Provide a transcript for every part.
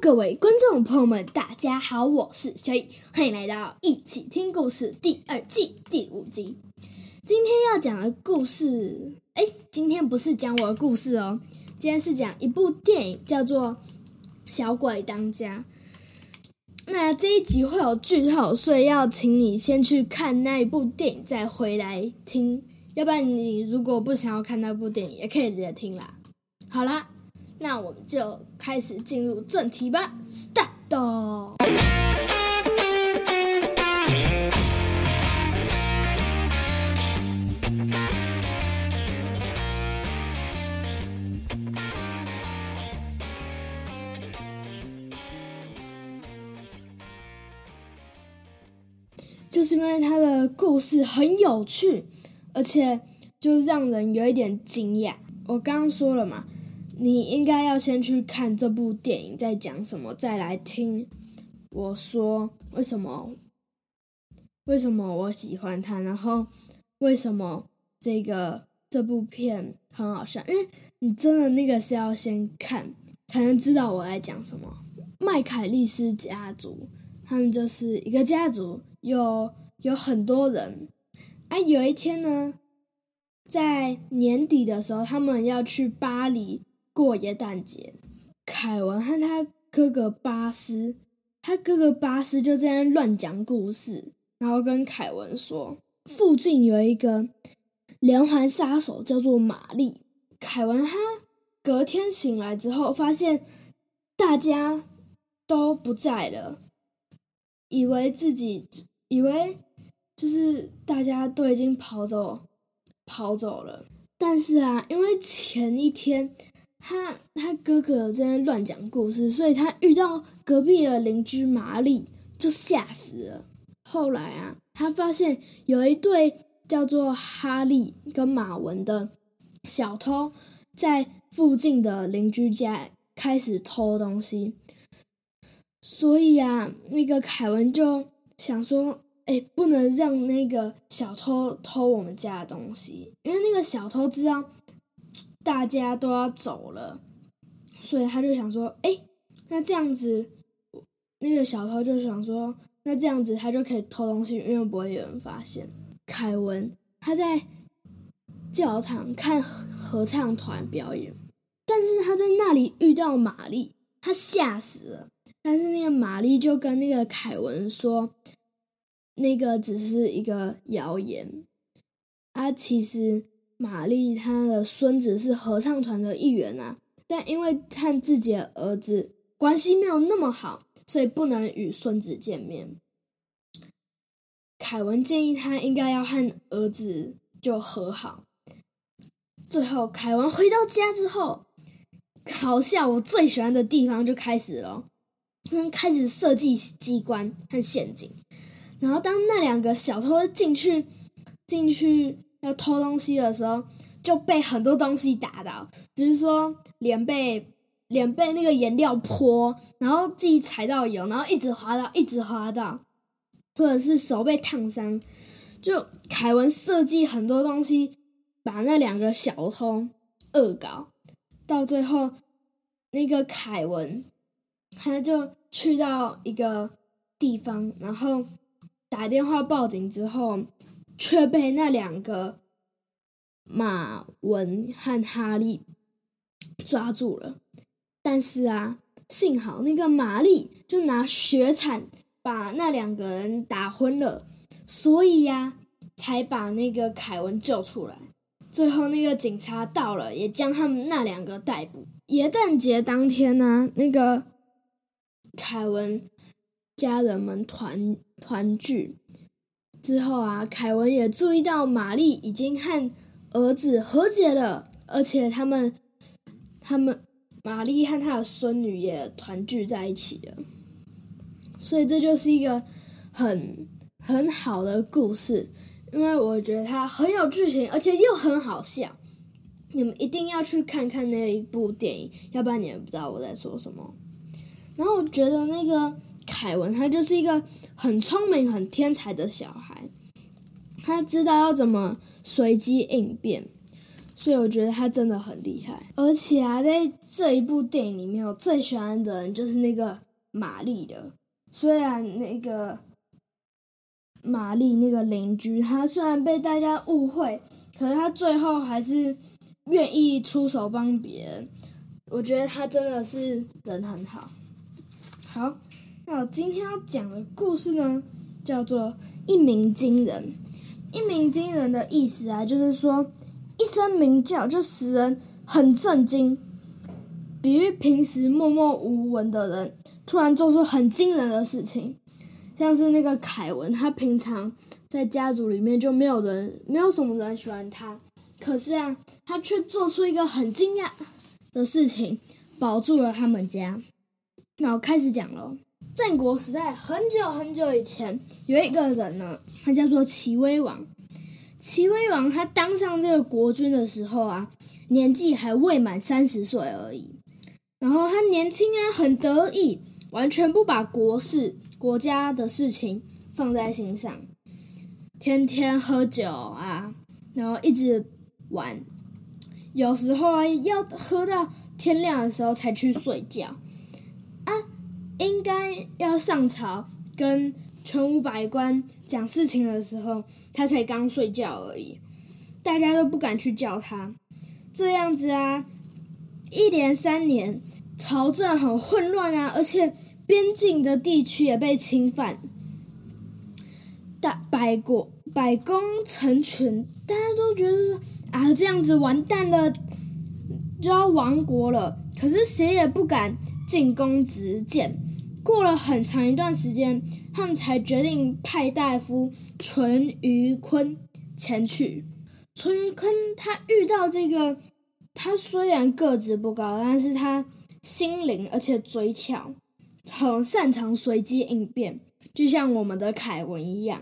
各位觀眾朋友們，大家好，我是小易，歡迎來到一起聽故事第二季第五集。今天要講的故事，哎，今天不是講我的故事哦，今天是講一部電影，叫做《小鬼當家》。那這一集會有劇透，所以要請你先去看那一部電影，再回來聽。要不然，你如果不想要看那部電影，也可以直接聽啦。好啦。.那我們就開始進入正題吧，Start! stop 就是因為他的故事很有趣，而且就是讓人有一點驚訝。我剛剛說了嘛。你應該要先去看這部電影在講什麼，再來聽我說為什麼，為什麼我喜歡它，然後為什麼這個這部片很好笑。因為你真的那個是要先看才能知道我在講什麼。麥凱利斯家族，他們就是一個家族，有有很多人。哎、啊，有一天呢，在年底的時候，他們要去巴黎。過聖誕節，凱文和他哥哥巴斯，他哥哥巴斯就這樣亂講故事，然後跟凱文說附近有一個連環殺手叫做馬利。凱文他隔天醒來之後，發現大家都不在了，以為自己以為就是大家都已經跑走跑走了，但是啊，因為前一天。他他哥哥正在亂講故事，所以他遇到隔壁的鄰居瑪麗就嚇死了。後來啊，他發現有一對叫做哈利跟馬文的小偷在附近的鄰居家開始偷東西，所以啊，那個凱文就想說，誒，不能讓那個小偷偷我們家的東西，因為那個小偷知道。大家都要走了，所以他就想說：“哎，那這樣子，那個小偷就想說，那這樣子他就可以偷東西，因為不會有人發現。”凱文他在教堂看合唱團表演，但是他在那裡遇到瑪麗，他嚇死了。但是那個瑪麗就跟那個凱文說：“那個只是一個謠言，他其實。”瑪麗她的孫子是合唱團的一員啊，但因為和自己的兒子關係沒有那麼好，所以不能與孫子見面。凱文建議她應該要和兒子就和好。最後，凱文回到家之後，好像我最喜歡的地方就開始了，開始設計機關和陷阱。然後，當那兩個小偷進去，進去。要偷東西的時候，就被很多東西打到，比如說臉被臉被那個顏料潑，然後自己踩到油，然後一直滑倒，一直滑倒，或者是手被燙傷。就凱文設計很多東西，把那兩個小偷惡搞，到最後，那個凱文，他就去到一個地方，然後打電話報警之後。卻被那兩個馬文和哈利抓住了，但是啊，幸好那個瑪麗就拿雪鏟把那兩個人打昏了，所以呀、啊，才把那個凱文救出來。最後那個警察到了，也將他們那兩個逮捕。耶誕節當天呢、啊，那個凱文家人們團團聚。之後啊，凱文也注意到瑪麗已經和兒子和解了，而且他們、他們瑪麗和他的孫女也團聚在一起了。所以這就是一個很很好的故事，因為我覺得它很有劇情，而且又很好笑。你們一定要去看看那一部電影，要不然你們不知道我在說什麼。然後我覺得那個。凱文，他就是一個很聰明、很天才的小孩，他知道要怎麼隨機應變，所以我覺得他真的很厲害。而且啊，在這一部電影裡面，我最喜歡的人就是那個瑪麗了，雖然那個瑪麗那個鄰居，她雖然被大家誤會，可是她最後還是願意出手幫別人。我覺得她真的是人很好。好。那我今天要講的故事呢，叫做“一鳴驚人”。一鳴驚人的意思啊，就是說一聲鳴叫就使人很震驚，比喻平時默默無聞的人，突然做出很驚人的事情。像是那個凱文，他平常在家族裡面就沒有人，沒有什麼人喜歡他。可是啊，他卻做出一個很驚訝的事情，保住了他們家。那我開始講嘍。戰國時代，很久很久以前，有一個人呢，他叫做齊威王。齊威王他當上這個國君的時候啊，年紀還未滿三十歲而已。然後他年輕啊，很得意，完全不把國事、國家的事情放在心上，天天喝酒啊，然後一直玩。有時候啊，要喝到天亮的時候才去睡覺。應該要上朝跟文武百官講事情的時候，他才剛睡覺而已，大家都不敢去叫他。這樣子啊，一連三年，朝政很混亂啊，而且邊境的地區也被侵犯，大百國百公成群，大家都覺得啊，這樣子完蛋了，就要亡國了。可是誰也不敢進宮直諫。過了很長一段時間，他們才決定派大夫淳於髡前去。淳於髡他遇到這個，他雖然個子不高，但是他心靈而且嘴巧，很擅長隨機應變，就像我們的凱文一樣。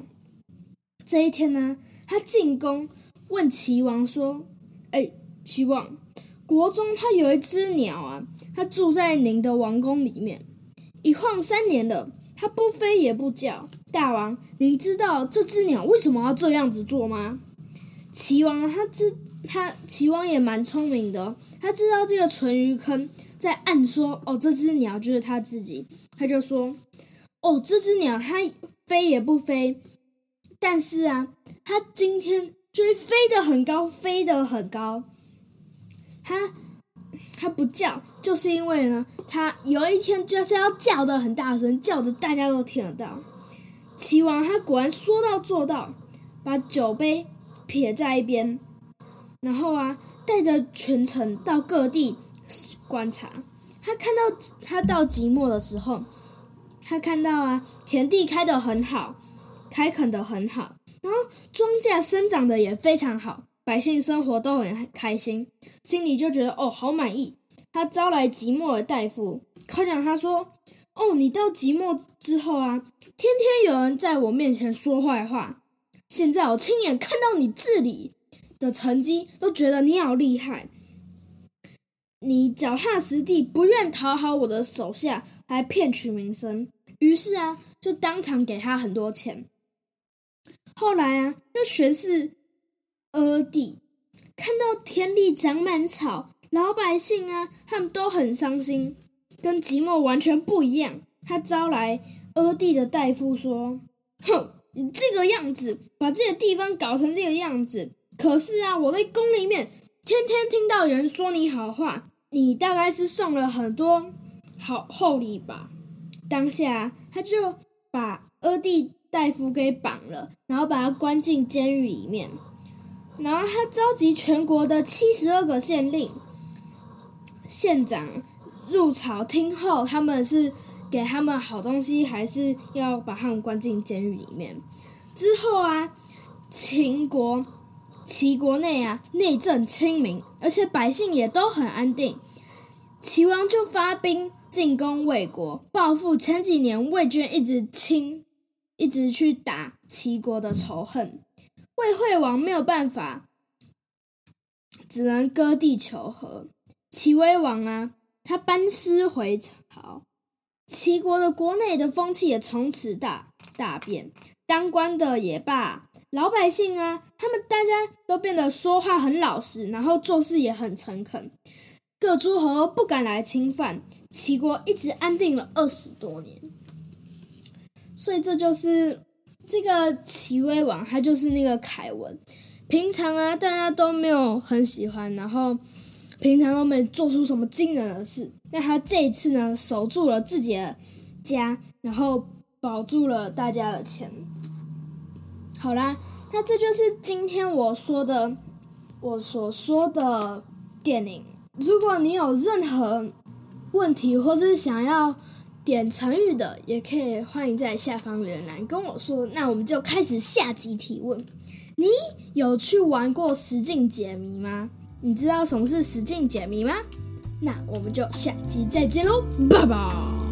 這一天呢，他進宮問齊王說：“哎、欸，齊王，國中他有一隻鳥啊，他住在您的王宮裡面。”一晃三年了，它不飛也不叫。大王，您知道這隻鳥為什麼要這樣子做嗎？齊王，他知他，齊王也蠻聰明的，他知道這個淳於髡在暗說：“哦，這隻鳥就是他自己。”他就說：“哦，這隻鳥它飛也不飛，但是啊，它今天就飛得很高，飛得很高。”它……’他不叫，就是因為呢，他有一天就是要叫的很大聲，叫的大家都聽得到。齊王他果然說到做到，把酒杯撇在一邊，然後啊，帶着群臣到各地觀察。他看到他到即墨的時候，他看到啊，田地開的很好，開墾的很好，然後莊稼生長的也非常好。百姓生活都很開心，心裡就覺得哦，好滿意。他招來即墨的大夫，誇獎他說哦，你到即墨之後啊，天天有人在我面前說壞話。現在我親眼看到你治理的成績，都覺得你好厲害。你腳踏實地，不願討好我的手下來騙取名聲。於是啊，就當場給他很多錢。後來啊，又學士。阿地看到田裡長滿草，老百姓啊，他們都很傷心，跟即墨完全不一樣。他招來阿地的大夫說：“哼，你這個樣子，把這個地方搞成這個樣子。可是啊，我在宮裡面天天聽到有人說你好話，你大概是送了很多好厚禮吧。”當下他就把阿地大夫給綁了，然後把他關進監獄裡面。然後他召集全國的七十二個縣令、縣長入朝聽候，他們是給他們好東西，還是要把他們關進監獄裡面？之後啊，秦國、齊國內啊，內政清明，而且百姓也都很安定。齊王就發兵進攻魏國，報復前幾年魏軍一直侵、一直去打齊國的仇恨。魏惠王沒有辦法，只能割地求和。齊威王啊，他班師回朝，齊國的國內的風氣也從此大大變。當官的也罷，老百姓啊，他們大家都變得說話很老實，然後做事也很誠懇。各諸侯不敢來侵犯，齊國一直安定了二十多年。所以這就是。這個齊威王，他就是那個凱文。平常啊，大家都沒有很喜歡，然後平常都沒做出什麼驚人的事。那他這一次呢，守住了自己的家，然後保住了大家的錢。好啦，那這就是今天我說的，我所說的電影。如果你有任何問題，或是想要……點成語的也可以，歡迎在下方留言跟我說。那我們就開始下集提問。你有去玩過實境解謎嗎？你知道什麼是實境解謎嗎？那我們就下期再見嘍，拜拜。